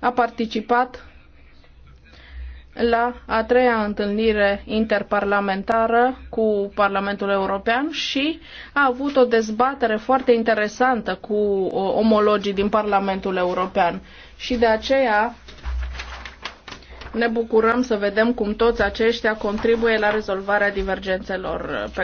a participat la a treia întâlnire interparlamentară cu Parlamentul European și a avut o dezbatere foarte interesantă cu omologii din Parlamentul European. Și de aceea ne bucurăm să vedem cum toți aceștia contribuie la rezolvarea divergențelor pe